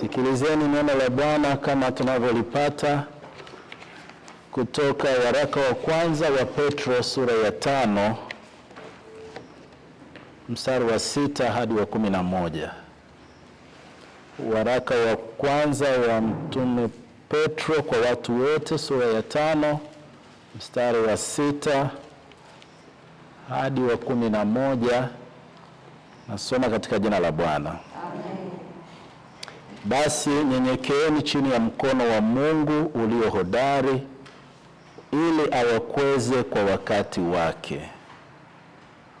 Sikilizeni neno la Bwana kama tunavyolipata kutoka waraka wa kwanza wa Petro sura ya tano mstari wa sita hadi wa kumi na moja. Waraka wa kwanza wa mtume Petro kwa watu wote sura ya tano mstari wa sita hadi wa kumi na moja. Nasoma katika jina la Bwana. Basi nyenyekeeni chini ya mkono wa Mungu ulio hodari ili awakweze kwa wakati wake,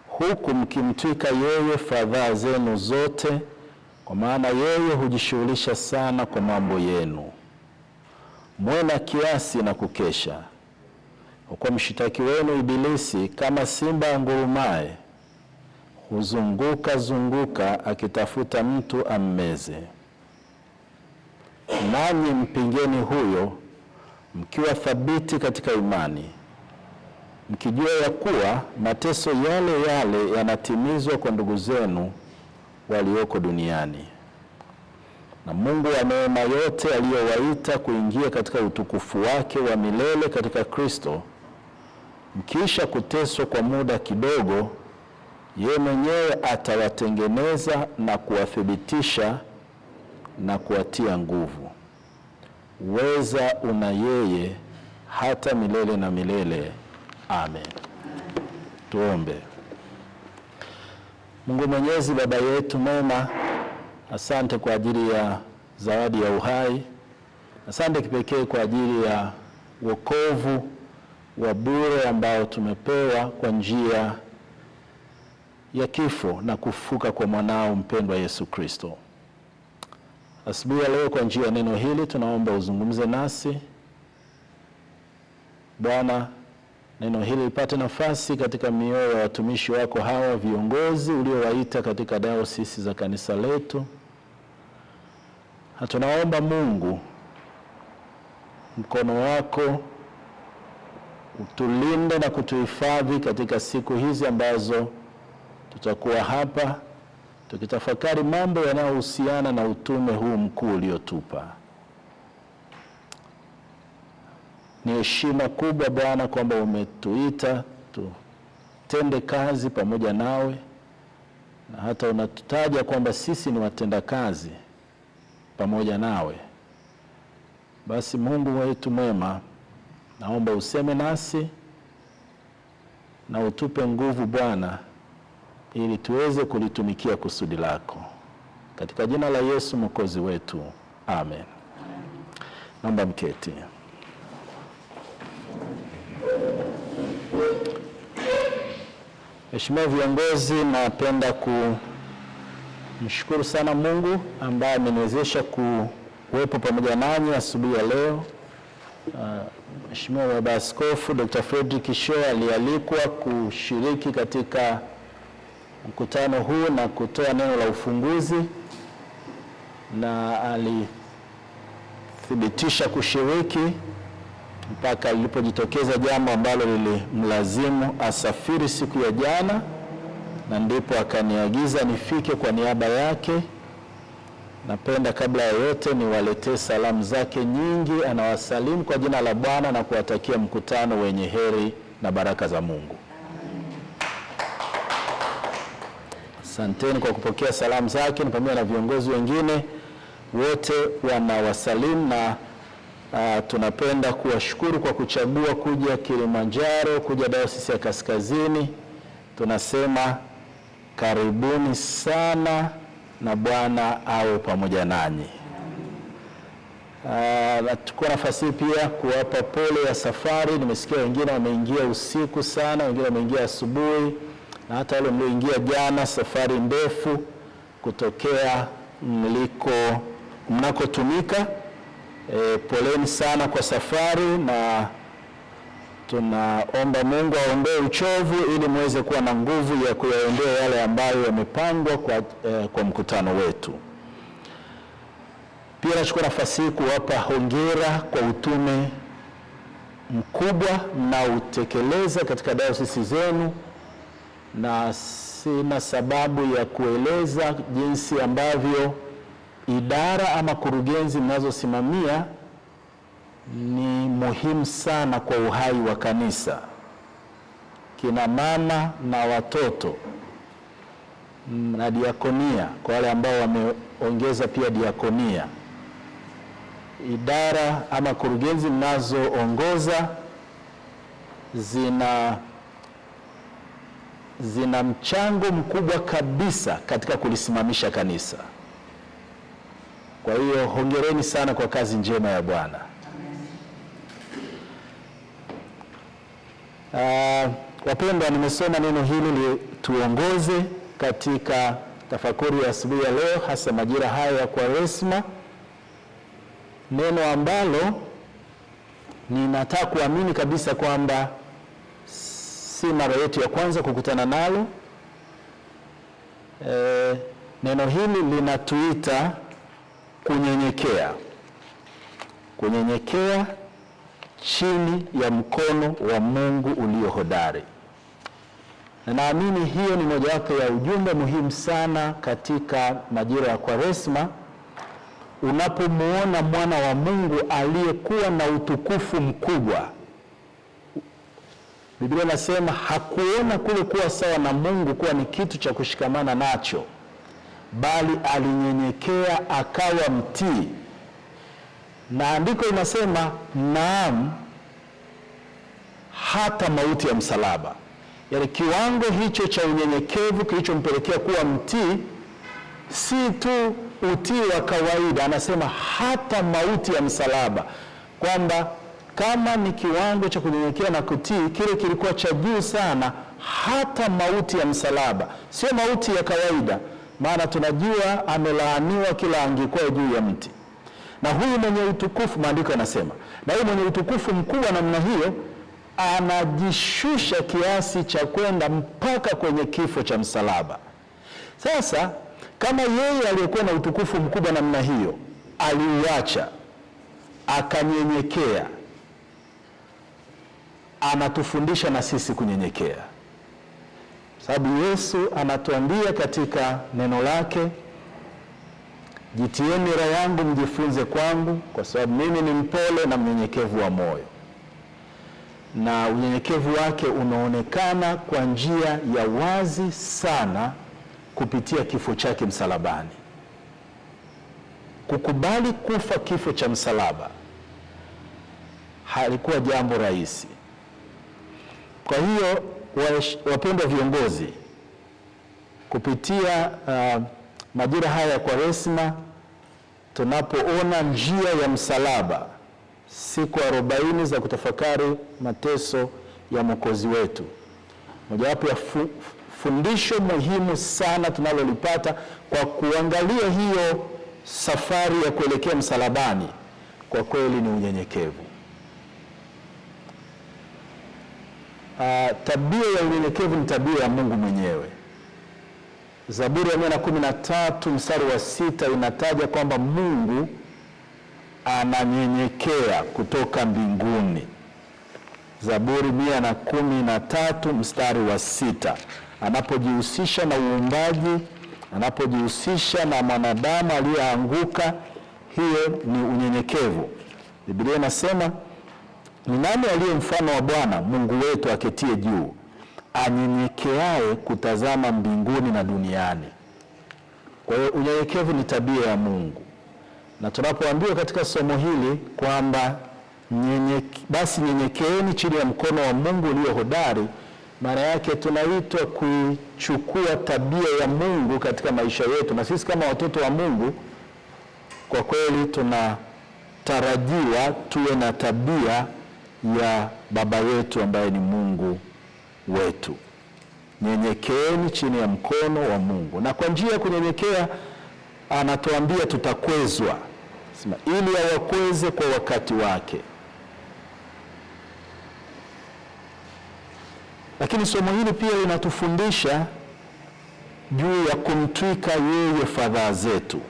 huku mkimtwika yeye fadhaa zenu zote, kwa maana yeye hujishughulisha sana kwa mambo yenu. Mwe na kiasi na kukesha, huku mshitaki wenu Ibilisi kama simba angurumaye huzunguka zunguka akitafuta mtu ammeze nanyi mpingeni huyo mkiwa thabiti katika imani, mkijua ya kuwa mateso yale yale yanatimizwa kwa ndugu zenu walioko duniani. Na Mungu wa neema yote aliyowaita kuingia katika utukufu wake wa milele katika Kristo, mkiisha kuteswa kwa muda kidogo, yeye mwenyewe atawatengeneza na kuwathibitisha na kuwatia nguvu. weza una yeye hata milele na milele. Amen. Tuombe. Mungu Mwenyezi, Baba yetu mema, asante kwa ajili ya zawadi ya uhai, asante kipekee kwa ajili ya wokovu wa bure ambao tumepewa kwa njia ya kifo na kufuka kwa mwanao mpendwa Yesu Kristo. Asubuhi ya leo kwa njia ya neno hili tunaomba uzungumze nasi Bwana, neno hili lipate nafasi katika mioyo ya watumishi wako hawa viongozi uliowaita katika dayosisi za kanisa letu, na tunaomba Mungu mkono wako utulinde na kutuhifadhi katika siku hizi ambazo tutakuwa hapa tukitafakari mambo yanayohusiana na utume huu mkuu uliotupa. Ni heshima kubwa Bwana kwamba umetuita tutende kazi pamoja nawe, na hata unatutaja kwamba sisi ni watenda kazi pamoja nawe. Basi Mungu wetu mwema, naomba useme nasi na utupe nguvu Bwana ili tuweze kulitumikia kusudi lako katika jina la Yesu mwokozi wetu, amen. Naomba mketi. Mheshimiwa viongozi, napenda kumshukuru sana Mungu ambaye ameniwezesha kuwepo pamoja nanyi asubuhi ya leo. Ah, Mheshimiwa Baba Askofu Dr. Frederick Shoo alialikwa kushiriki katika mkutano huu na kutoa neno la ufunguzi na alithibitisha kushiriki mpaka lilipojitokeza jambo ambalo lilimlazimu asafiri siku ya jana, na ndipo akaniagiza nifike kwa niaba yake. Napenda kabla ya yote niwaletee salamu zake nyingi. Anawasalimu kwa jina la Bwana na kuwatakia mkutano wenye heri na baraka za Mungu. Asanteni kwa kupokea salamu zake pamoja na viongozi wengine wote wanawasalimu na uh, tunapenda kuwashukuru kwa kuchagua kuja Kilimanjaro, kuja Dayosisi ya Kaskazini. Tunasema karibuni sana na Bwana awe pamoja nanyi. Uh, nachukua uh, nafasi hii pia kuwapa pole ya safari. Nimesikia wengine wameingia usiku sana, wengine wameingia asubuhi na hata wale mlioingia jana safari ndefu kutokea mliko mnakotumika. E, poleni sana kwa safari, na tunaomba Mungu aondoe uchovu ili muweze kuwa na nguvu ya kuyaondoa yale ambayo yamepangwa kwa, e, kwa mkutano wetu. Pia nachukua nafasi hii kuwapa hongera kwa utume mkubwa mnaotekeleza katika dayosisi zenu na sina sababu ya kueleza jinsi ambavyo idara ama kurugenzi mnazosimamia ni muhimu sana kwa uhai wa kanisa. Kina mama na watoto na diakonia, kwa wale ambao wameongeza pia diakonia, idara ama kurugenzi mnazoongoza zina zina mchango mkubwa kabisa katika kulisimamisha kanisa. Kwa hiyo hongereni sana kwa kazi njema ya Bwana. Uh, wapendwa, nimesoma neno hili lituongoze katika tafakuri ya asubuhi ya leo, hasa majira haya ya Kwaresma, neno ambalo ninataka kuamini kabisa kwamba si mara yetu ya kwanza kukutana nalo. E, neno hili linatuita kunyenyekea, kunyenyekea chini ya mkono wa Mungu ulio hodari. Na naamini hiyo ni mojawapo ya ujumbe muhimu sana katika majira ya Kwaresma, unapomwona mwana wa Mungu aliyekuwa na utukufu mkubwa Biblia inasema hakuona kule kuwa sawa na Mungu kuwa ni kitu cha kushikamana nacho, bali alinyenyekea akawa mtii. Na andiko inasema naam, hata mauti ya msalaba. Yaani kiwango hicho cha unyenyekevu kilichompelekea kuwa mtii, si tu utii wa kawaida, anasema hata mauti ya msalaba, kwamba kama ni kiwango cha kunyenyekea na kutii, kile kilikuwa cha juu sana, hata mauti ya msalaba, sio mauti ya kawaida, maana tunajua amelaaniwa kila angekuwa juu ya mti. Na huyu mwenye utukufu, maandiko yanasema, na huyu mwenye utukufu mkubwa namna hiyo anajishusha kiasi cha kwenda mpaka kwenye kifo cha msalaba. Sasa kama yeye aliyekuwa na utukufu mkubwa namna hiyo aliuacha akanyenyekea anatufundisha na sisi kunyenyekea, sababu Yesu anatuambia katika neno lake, jitieni nira yangu mjifunze kwangu, kwa sababu mimi ni mpole na mnyenyekevu wa moyo, na unyenyekevu wake unaonekana kwa njia ya wazi sana kupitia kifo chake msalabani. Kukubali kufa kifo cha msalaba halikuwa jambo rahisi kwa hiyo wapendwa viongozi, kupitia uh, majira haya ya Kwaresma tunapoona njia ya msalaba, siku arobaini za kutafakari mateso ya Mwokozi wetu, mojawapo ya fu, fundisho muhimu sana tunalolipata kwa kuangalia hiyo safari ya kuelekea msalabani, kwa kweli ni unyenyekevu. Uh, tabia ya unyenyekevu ni tabia ya Mungu mwenyewe. Zaburi ya mia na kumi na tatu mstari wa sita inataja kwamba Mungu ananyenyekea kutoka mbinguni. Zaburi mia na kumi na tatu mstari wa sita Anapojihusisha na uumbaji, anapojihusisha na mwanadamu aliyeanguka, hiyo ni unyenyekevu. Biblia inasema ni nani aliye mfano wa Bwana Mungu wetu aketie juu anyenyekeaye kutazama mbinguni na duniani. Kwa hiyo unyenyekevu ni tabia ya Mungu, na tunapoambiwa katika somo hili kwamba nyenye, basi nyenyekeeni chini ya mkono wa Mungu ulio hodari, maana yake tunaitwa kuichukua tabia ya Mungu katika maisha yetu, na sisi kama watoto wa Mungu kwa kweli tunatarajiwa tuwe na tabia ya Baba yetu ambaye ni Mungu wetu. Nyenyekeeni chini ya mkono wa Mungu, na kwa njia ya kunyenyekea anatuambia tutakwezwa, sema ili awakweze kwa wakati wake. Lakini somo hili pia linatufundisha juu ya kumtwika yeye fadhaa zetu.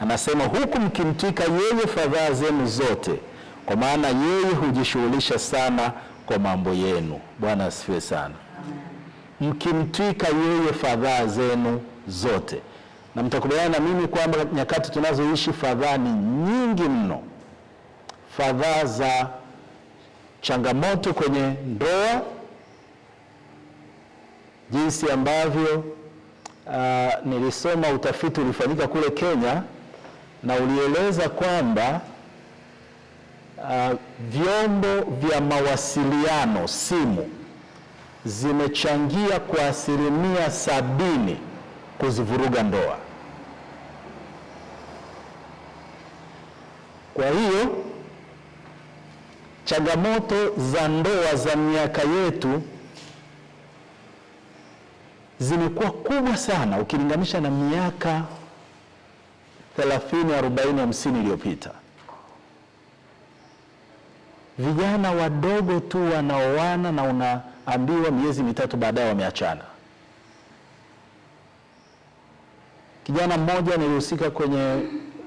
Anasema huku mkimtwika yeye fadhaa zenu zote kwa maana yeye hujishughulisha sana kwa mambo yenu. Bwana asifiwe sana. Mkimtwika yeye fadhaa zenu zote, na mtakubaliana na mimi kwamba nyakati tunazoishi fadhaa ni nyingi mno, fadhaa za changamoto kwenye ndoa, jinsi ambavyo uh, nilisoma utafiti ulifanyika kule Kenya na ulieleza kwamba uh, vyombo vya mawasiliano simu zimechangia kwa asilimia sabini kuzivuruga ndoa. Kwa hiyo changamoto za ndoa za miaka yetu zimekuwa kubwa sana ukilinganisha na miaka 30, 40, 50 iliyopita vijana wadogo tu wanaoana na unaambiwa miezi mitatu baadaye wameachana. Kijana mmoja nilihusika kwenye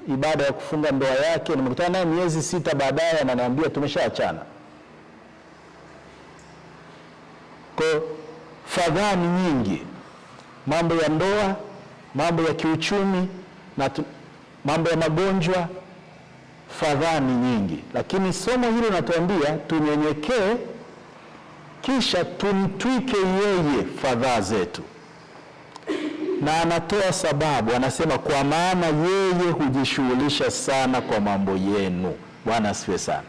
ibada ya kufunga ndoa yake, nimekutana naye miezi sita baadaye ananiambia tumeshaachana. Kwa fadhaa ni nyingi, mambo ya ndoa, mambo ya kiuchumi na mambo ya magonjwa fadhaa ni nyingi, lakini somo hili natuambia tunyenyekee, kisha tumtwike yeye fadhaa zetu, na anatoa sababu, anasema kwa maana yeye hujishughulisha sana kwa mambo yenu. Bwana asifiwe sana.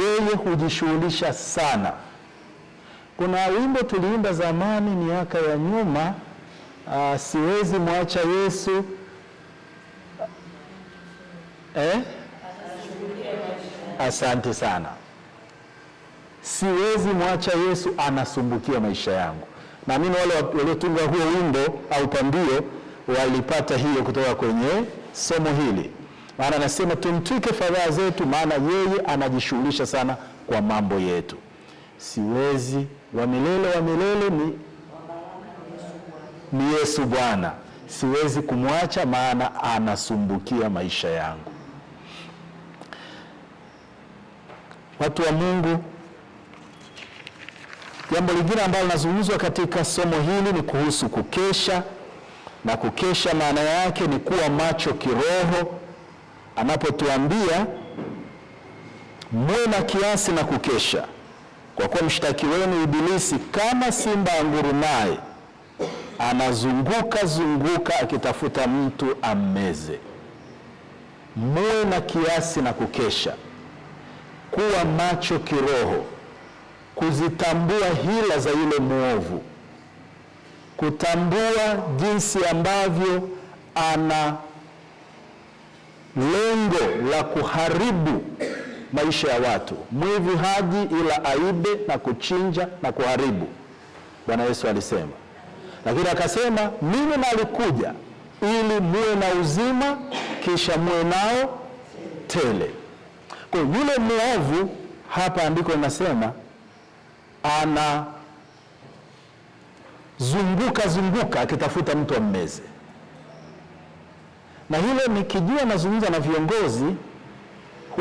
Yeye hujishughulisha sana. Kuna wimbo tuliimba zamani miaka ya nyuma, uh, siwezi mwacha Yesu eh? Asante sana. Siwezi mwacha Yesu anasumbukia maisha yangu. Naamini wale waliotunga huo wimbo au pambio walipata hiyo kutoka kwenye somo hili, maana anasema tumtwike fadhaa zetu, maana yeye anajishughulisha sana kwa mambo yetu. Siwezi wa milele wa milele ni, ni Yesu Bwana, siwezi kumwacha maana anasumbukia maisha yangu. watu wa Mungu. Jambo lingine ambalo linazungumzwa katika somo hili ni kuhusu kukesha, na kukesha maana yake ni kuwa macho kiroho, anapotuambia mwe na kiasi na kukesha, kwa kuwa mshtaki wenu Ibilisi kama simba angurumaye anazunguka zunguka akitafuta mtu ammeze. Mwe na kiasi na kukesha kuwa macho kiroho, kuzitambua hila za yule mwovu, kutambua jinsi ambavyo ana lengo la kuharibu maisha ya watu. Mwivi haji ila aibe na kuchinja na kuharibu, Bwana Yesu alisema. Lakini akasema mimi nalikuja ili muwe na uzima, kisha muwe nao tele. Kwa yule mwovu hapa andiko linasema ana zunguka zunguka akitafuta mtu ammeze, na hilo nikijua nazungumza na viongozi.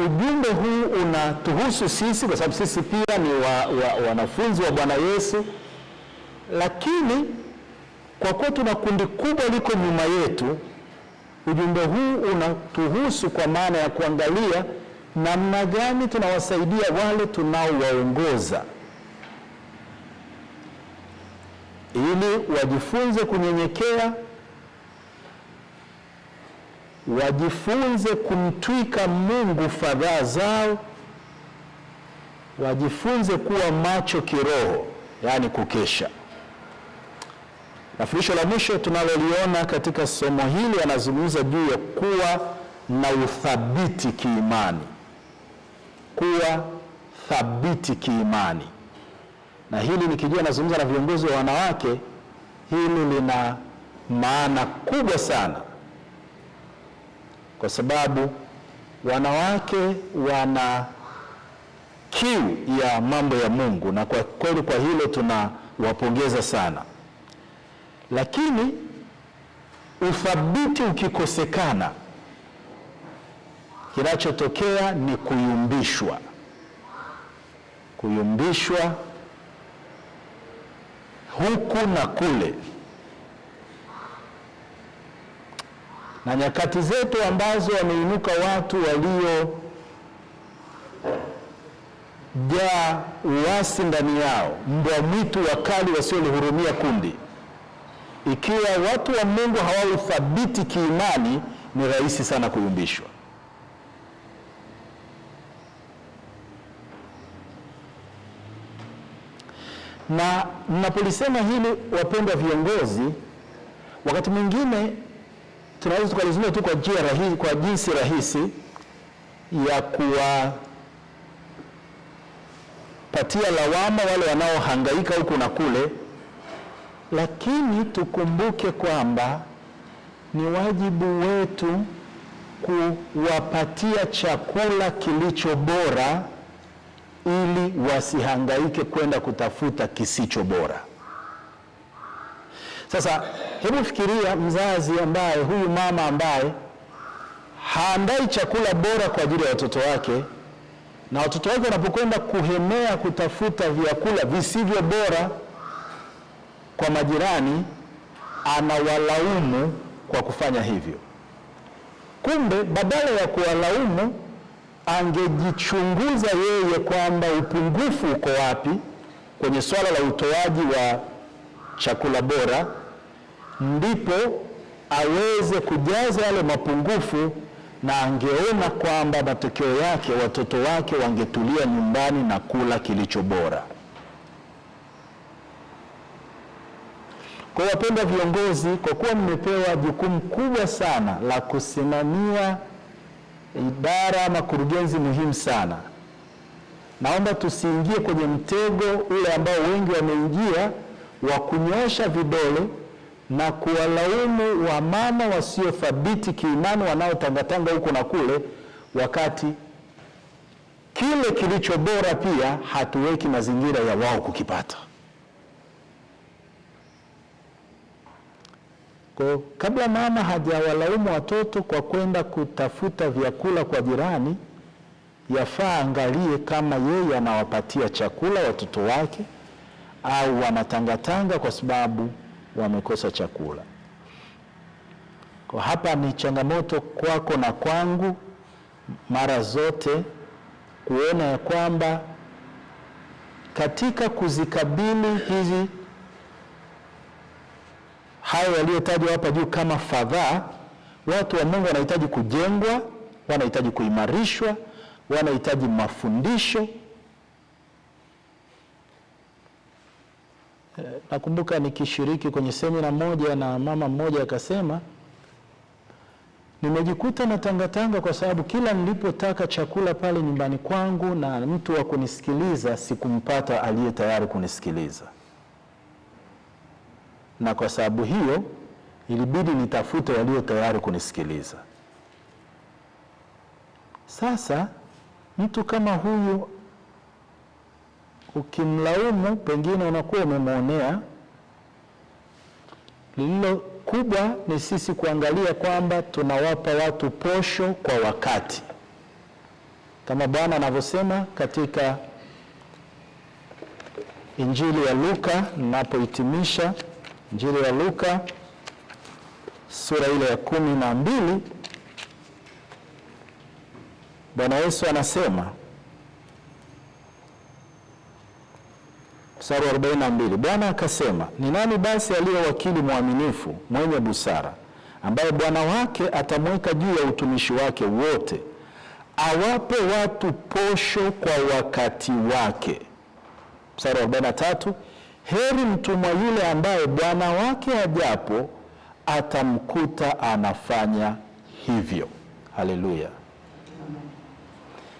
Ujumbe huu unatuhusu sisi, kwa sababu sisi pia ni wa, wa, wanafunzi wa Bwana Yesu, lakini kwa kuwa tuna kundi kubwa liko nyuma yetu, ujumbe huu unatuhusu kwa maana ya kuangalia namna gani tunawasaidia wale tunaowaongoza ili wajifunze kunyenyekea, wajifunze kumtwika Mungu fadhaa zao, wajifunze kuwa macho kiroho, yaani kukesha. Na fundisho la mwisho tunaloliona katika somo hili, anazungumza juu ya kuwa na uthabiti kiimani kuwa thabiti kiimani, na hili nikijua nazungumza na viongozi wa wanawake, hili lina maana kubwa sana, kwa sababu wanawake wana kiu ya mambo ya Mungu, na kwa kweli kwa hilo tunawapongeza sana, lakini uthabiti ukikosekana Kinachotokea ni kuyumbishwa, kuyumbishwa huku na kule, na nyakati zetu ambazo wameinuka watu waliojaa uasi ndani yao, mbwa mwitu wakali wasiolihurumia kundi, ikiwa watu wa Mungu hawauthabiti kiimani, ni rahisi sana kuyumbishwa. Na mnapolisema hili, wapendwa viongozi, wakati mwingine tunaweza tukalizungumza tu kwa njia rahisi, kwa jinsi rahisi ya kuwapatia lawama wale wanaohangaika huku na kule, lakini tukumbuke kwamba ni wajibu wetu kuwapatia chakula kilicho bora ili wasihangaike kwenda kutafuta kisicho bora. Sasa hebu fikiria mzazi ambaye, huyu mama ambaye haandai chakula bora kwa ajili ya watoto wake, na watoto wake wanapokwenda kuhemea kutafuta vyakula visivyo bora kwa majirani, anawalaumu kwa kufanya hivyo. Kumbe badala ya kuwalaumu angejichunguza yeye kwamba upungufu uko wapi kwenye swala la utoaji wa chakula bora, ndipo aweze kujaza yale mapungufu, na angeona kwamba matokeo yake watoto wake wangetulia nyumbani na kula kilicho bora. Kwa wapenda viongozi, kwa kuwa mmepewa jukumu kubwa sana la kusimamia idara ama kurugenzi muhimu sana. Naomba tusiingie kwenye mtego ule ambao wengi wameingia wa kunyoosha vidole na kuwalaumu wamama wasiothabiti kiimani wanaotangatanga huko na kule, wakati kile kilicho bora pia hatuweki mazingira ya wao kukipata. Kwa kabla mama hajawalaumu watoto kwa kwenda kutafuta vyakula kwa jirani, yafaa angalie kama yeye anawapatia chakula watoto wake au wanatangatanga kwa sababu wamekosa chakula. Kwa hapa ni changamoto kwako na kwangu mara zote kuona ya kwamba katika kuzikabili hizi hayo yaliyotajwa hapa juu kama fadhaa, watu wa Mungu wanahitaji kujengwa, wanahitaji kuimarishwa, wanahitaji mafundisho. Eh, nakumbuka nikishiriki kwenye semina moja na mama mmoja akasema, nimejikuta na tangatanga kwa sababu kila nilipotaka chakula pale nyumbani kwangu na mtu wa kunisikiliza sikumpata aliye tayari kunisikiliza na kwa sababu hiyo ilibidi nitafute walio tayari kunisikiliza. Sasa mtu kama huyu ukimlaumu, pengine unakuwa umemwonea. Lililo kubwa ni sisi kuangalia kwamba tunawapa watu posho kwa wakati, kama Bwana anavyosema katika Injili ya Luka ninapohitimisha. Injili ya Luka sura ile ya kumi na mbili Bwana Yesu anasema mstari wa 42, Bwana akasema, ni nani basi aliye wakili mwaminifu mwenye busara, ambaye bwana wake atamweka juu ya utumishi wake wote, awape watu posho kwa wakati wake. Mstari wa 43 Heri mtumwa yule ambaye bwana wake ajapo atamkuta anafanya hivyo. Haleluya!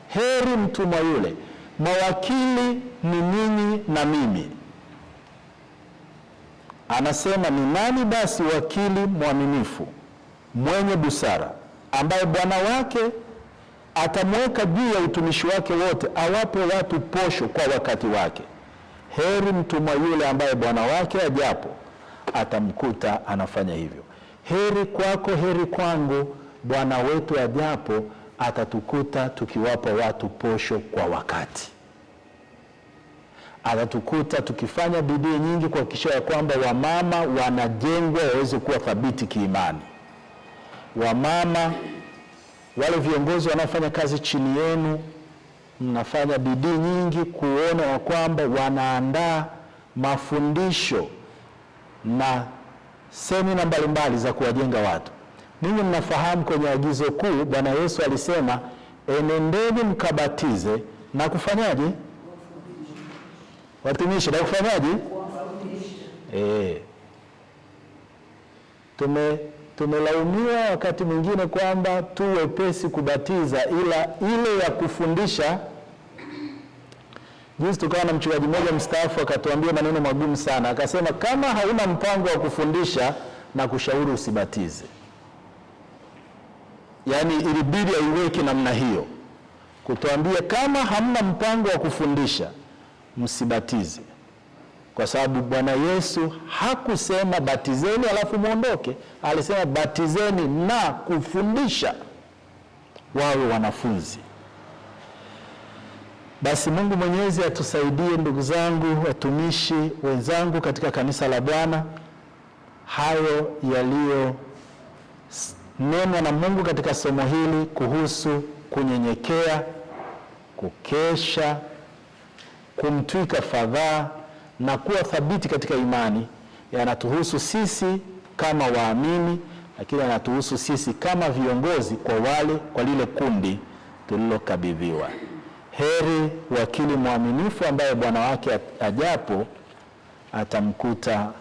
Heri mtumwa yule. Mawakili ni ninyi na mimi. Anasema, ni nani basi wakili mwaminifu mwenye busara, ambaye bwana wake atamweka juu ya utumishi wake wote, awape watu posho kwa wakati wake. Heri mtumwa yule ambaye bwana wake ajapo atamkuta anafanya hivyo. Heri kwako, heri kwangu, bwana wetu ajapo atatukuta tukiwapa watu posho kwa wakati, atatukuta tukifanya bidii nyingi kuhakikisha ya kwamba wamama wanajengwa waweze kuwa thabiti kiimani. Wamama wale viongozi wanaofanya kazi chini yenu mnafanya bidii nyingi kuona ya kwamba wanaandaa mafundisho na semina mbalimbali za kuwajenga watu. Ninyi mnafahamu kwenye agizo kuu Bwana Yesu alisema, enendeni mkabatize na kufanyaje? Watumishi na kufanyaje? E, tume tumelaumiwa wakati mwingine kwamba tu wepesi kubatiza, ila ile ya kufundisha Juzi tukawa na mchungaji mmoja mstaafu akatuambia maneno magumu sana, akasema kama hauna mpango wa kufundisha na kushauri usibatize. Yaani ilibidi aiweke namna hiyo, kutuambia kama hamna mpango wa kufundisha msibatize, kwa sababu Bwana Yesu hakusema batizeni alafu mwondoke, alisema batizeni na kufundisha wawe wanafunzi. Basi Mungu Mwenyezi atusaidie ndugu zangu, watumishi wenzangu katika kanisa la Bwana, hayo yaliyonenwa na Mungu katika somo hili kuhusu kunyenyekea, kukesha, kumtwika fadhaa na kuwa thabiti katika imani, yanatuhusu sisi kama waamini, lakini yanatuhusu sisi kama viongozi kwa wale kwa lile kundi tulilokabidhiwa heri wakili mwaminifu ambaye bwana wake ajapo atamkuta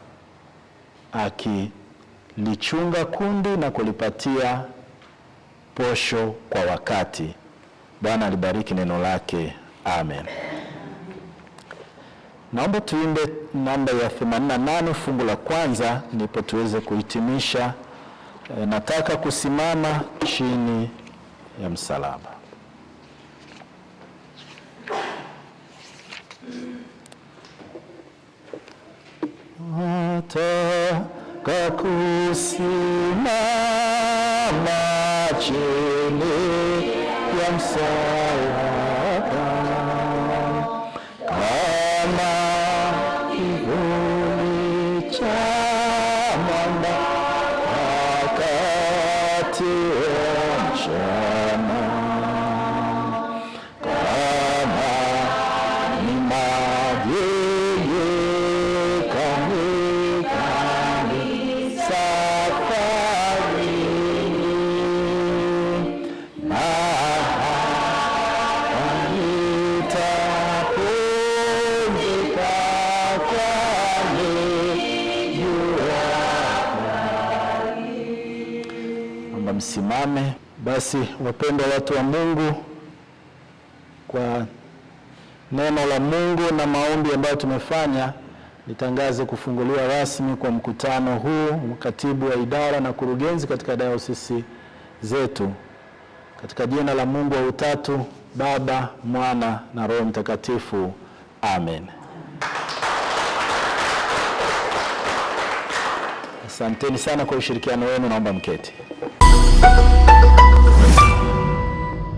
akilichunga kundi na kulipatia posho kwa wakati. Bwana alibariki neno lake, amen. Naomba tuimbe namba ya 88 fungu la kwanza, ndipo tuweze kuhitimisha. E, nataka kusimama chini ya msalaba. taka kusimama chini ya msaa Tusimame basi, wapendwa watu wa Mungu, kwa neno la Mungu na maombi ambayo tumefanya, nitangaze kufunguliwa rasmi kwa mkutano huu, katibu wa idara na kurugenzi katika dayosisi zetu, katika jina la Mungu wa Utatu, Baba, Mwana na Roho Mtakatifu, amen. Asanteni sana kwa ushirikiano wenu, naomba mketi.